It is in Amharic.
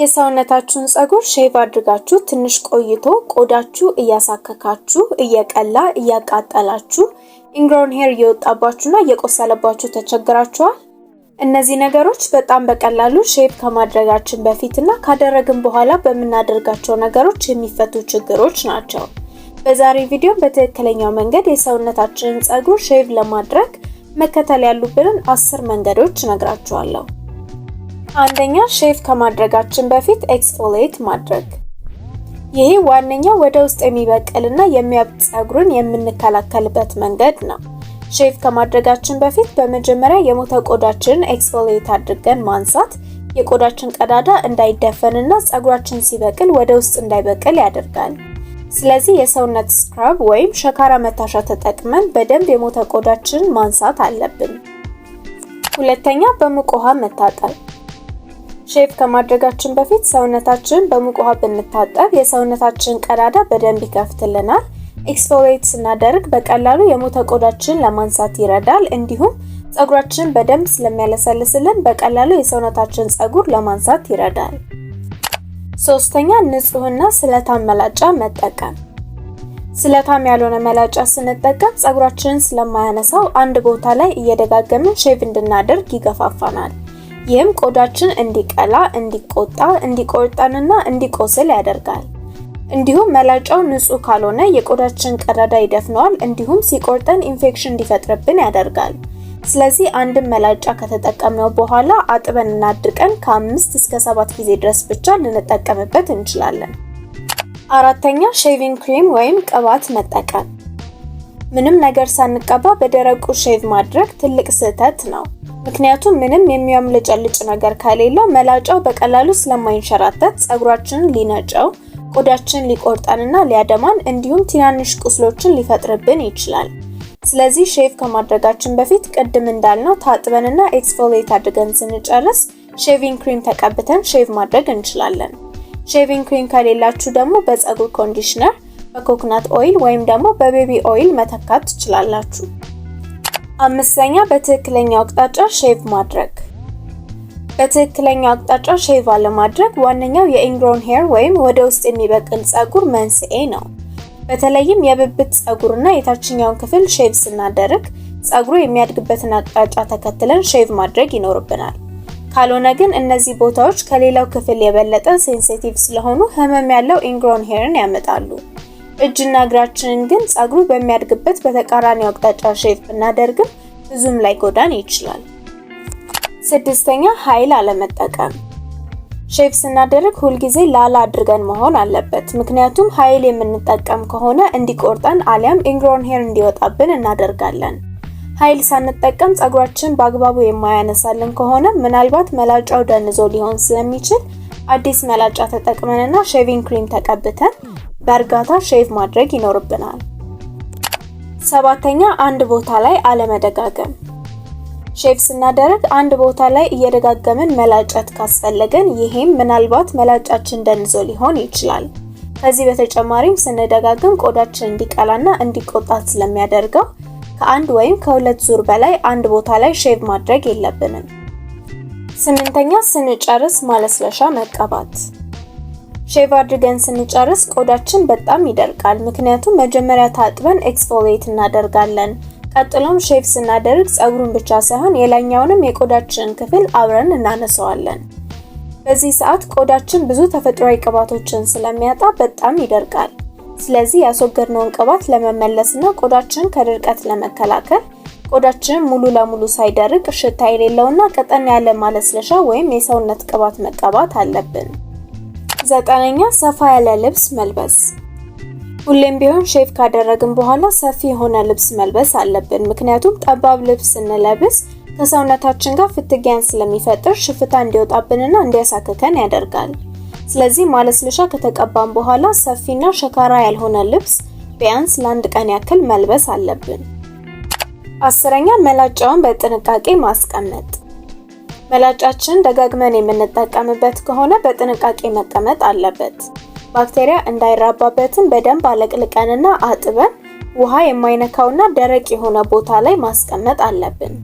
የሰውነታችሁን ጸጉር ሼቭ አድርጋችሁ ትንሽ ቆይቶ ቆዳችሁ እያሳከካችሁ እየቀላ እያቃጠላችሁ ኢንግሮን ሄር እየወጣባችሁና እየቆሰለባችሁ ተቸግራችኋል። እነዚህ ነገሮች በጣም በቀላሉ ሼፕ ከማድረጋችን በፊት እና ካደረግን በኋላ በምናደርጋቸው ነገሮች የሚፈቱ ችግሮች ናቸው። በዛሬ ቪዲዮ በትክክለኛው መንገድ የሰውነታችንን ጸጉር ሼቭ ለማድረግ መከተል ያሉብንን አስር መንገዶች ነግራችኋለሁ። አንደኛ ሼፍ ከማድረጋችን በፊት ኤክስፎሊየት ማድረግ። ይሄ ዋነኛው ወደ ውስጥ የሚበቅልና የሚያብጥ ፀጉርን የምንከላከልበት መንገድ ነው። ሼፍ ከማድረጋችን በፊት በመጀመሪያ የሞተ ቆዳችንን ኤክስፎሊየት አድርገን ማንሳት የቆዳችን ቀዳዳ እንዳይደፈንና ፀጉራችን ሲበቅል ወደ ውስጥ እንዳይበቅል ያደርጋል። ስለዚህ የሰውነት ስክራብ ወይም ሸካራ መታሻ ተጠቅመን በደንብ የሞተ ቆዳችንን ማንሳት አለብን። ሁለተኛ በሙቅ ውሃ መታጠብ ሼቭ ከማድረጋችን በፊት ሰውነታችን በሙቅ ውሃ ብንታጠብ የሰውነታችን ቀዳዳ በደንብ ይከፍትልናል። ኤክስፎሌት ስናደርግ በቀላሉ የሞተ ቆዳችን ለማንሳት ይረዳል። እንዲሁም ጸጉራችን በደንብ ስለሚያለሰልስልን በቀላሉ የሰውነታችን ፀጉር ለማንሳት ይረዳል። ሶስተኛ ንጹህና ስለታም መላጫ መጠቀም። ስለታም ያልሆነ መላጫ ስንጠቀም ፀጉራችንን ስለማያነሳው አንድ ቦታ ላይ እየደጋገምን ሼቭ እንድናደርግ ይገፋፋናል። ይህም ቆዳችን እንዲቀላ፣ እንዲቆጣ፣ እንዲቆርጠንና እንዲቆስል ያደርጋል። እንዲሁም መላጫው ንጹህ ካልሆነ የቆዳችን ቀዳዳ ይደፍነዋል፣ እንዲሁም ሲቆርጠን ኢንፌክሽን እንዲፈጥርብን ያደርጋል። ስለዚህ አንድን መላጫ ከተጠቀምነው በኋላ አጥበን አድርቀን ከአምስት እስከ ሰባት ጊዜ ድረስ ብቻ ልንጠቀምበት እንችላለን። አራተኛ ሼቪንግ ክሬም ወይም ቅባት መጠቀም። ምንም ነገር ሳንቀባ በደረቁ ሼቭ ማድረግ ትልቅ ስህተት ነው። ምክንያቱም ምንም የሚያምለጨልጭ ነገር ከሌለው መላጫው በቀላሉ ስለማይንሸራተት ጸጉራችንን ሊነጨው፣ ቆዳችንን ሊቆርጠንና ሊያደማን እንዲሁም ትናንሽ ቁስሎችን ሊፈጥርብን ይችላል። ስለዚህ ሼቭ ከማድረጋችን በፊት ቅድም እንዳልነው ታጥበንና ኤክስፎሌት አድርገን ስንጨርስ ሼቪንግ ክሪም ተቀብተን ሼቭ ማድረግ እንችላለን። ሼቪንግ ክሪም ከሌላችሁ ደግሞ በፀጉር ኮንዲሽነር፣ በኮኮናት ኦይል ወይም ደግሞ በቤቢ ኦይል መተካት ትችላላችሁ። አምስተኛ በትክክለኛው አቅጣጫ ሼቭ ማድረግ። በትክክለኛው አቅጣጫ ሼቭ አለማድረግ ዋነኛው የኢንግሮን ሄር ወይም ወደ ውስጥ የሚበቅል ጸጉር መንስኤ ነው። በተለይም የብብት ጸጉርና የታችኛውን ክፍል ሼቭ ስናደርግ ጸጉሩ የሚያድግበትን አቅጣጫ ተከትለን ሼቭ ማድረግ ይኖርብናል። ካልሆነ ግን እነዚህ ቦታዎች ከሌላው ክፍል የበለጠ ሴንሲቲቭ ስለሆኑ ህመም ያለው ኢንግሮን ሄርን ያመጣሉ። እጅና እግራችንን ግን ጸጉሩ በሚያድግበት በተቃራኒው አቅጣጫ ሼፕ ብናደርግም ብዙም ጎዳን ይችላል። ስድስተኛ ኃይል አለመጠቀም። ሼፕ ስናደርግ ሁልጊዜ ላላ አድርገን መሆን አለበት። ምክንያቱም ኃይል የምንጠቀም ከሆነ እንዲቆርጠን አሊያም ኢንግሮን ሄር እንዲወጣብን እናደርጋለን። ኃይል ሳንጠቀም ጸጉራችን በአግባቡ የማያነሳልን ከሆነ ምናልባት መላጫው ደንዞ ሊሆን ስለሚችል አዲስ መላጫ ተጠቅመንና ሼቪንግ ክሪም ተቀብተን በእርጋታ ሼቭ ማድረግ ይኖርብናል። ሰባተኛ አንድ ቦታ ላይ አለመደጋገም። ሼቭ ስናደርግ አንድ ቦታ ላይ እየደጋገምን መላጨት ካስፈለገን ይሄም ምናልባት መላጫችን ደንዞ ሊሆን ይችላል። ከዚህ በተጨማሪም ስንደጋገም ቆዳችን እንዲቀላና እንዲቆጣት ስለሚያደርገው ከአንድ ወይም ከሁለት ዙር በላይ አንድ ቦታ ላይ ሼቭ ማድረግ የለብንም። ስምንተኛ ስንጨርስ ማለስለሻ መቀባት። ሼቭ አድርገን ስንጨርስ ቆዳችን በጣም ይደርቃል። ምክንያቱም መጀመሪያ ታጥበን ኤክስፎሊየት እናደርጋለን። ቀጥሎም ሼቭ ስናደርግ ጸጉሩን ብቻ ሳይሆን የላይኛውንም የቆዳችንን ክፍል አብረን እናነሰዋለን። በዚህ ሰዓት ቆዳችን ብዙ ተፈጥሯዊ ቅባቶችን ስለሚያጣ በጣም ይደርቃል። ስለዚህ ያስወገድነውን ቅባት ለመመለስና ቆዳችን ከድርቀት ለመከላከል ቆዳችንን ሙሉ ለሙሉ ሳይደርቅ ሽታ የሌለውና ቀጠን ያለ ማለስለሻ ወይም የሰውነት ቅባት መቀባት አለብን። ዘጠነኛ ሰፋ ያለ ልብስ መልበስ። ሁሌም ቢሆን ሼፍ ካደረግን በኋላ ሰፊ የሆነ ልብስ መልበስ አለብን። ምክንያቱም ጠባብ ልብስ ስንለብስ ከሰውነታችን ጋር ፍትጊያን ስለሚፈጥር ሽፍታ እንዲወጣብንና እንዲያሳክከን ያደርጋል። ስለዚህ ማለስለሻ ከተቀባን በኋላ ሰፊና ሸካራ ያልሆነ ልብስ ቢያንስ ለአንድ ቀን ያክል መልበስ አለብን። አስረኛ መላጫውን በጥንቃቄ ማስቀመጥ። መላጫችን ደጋግመን የምንጠቀምበት ከሆነ በጥንቃቄ መቀመጥ አለበት። ባክቴሪያ እንዳይራባበትም በደንብ አለቅልቀንና አጥበን ውሃ የማይነካውና ደረቅ የሆነ ቦታ ላይ ማስቀመጥ አለብን።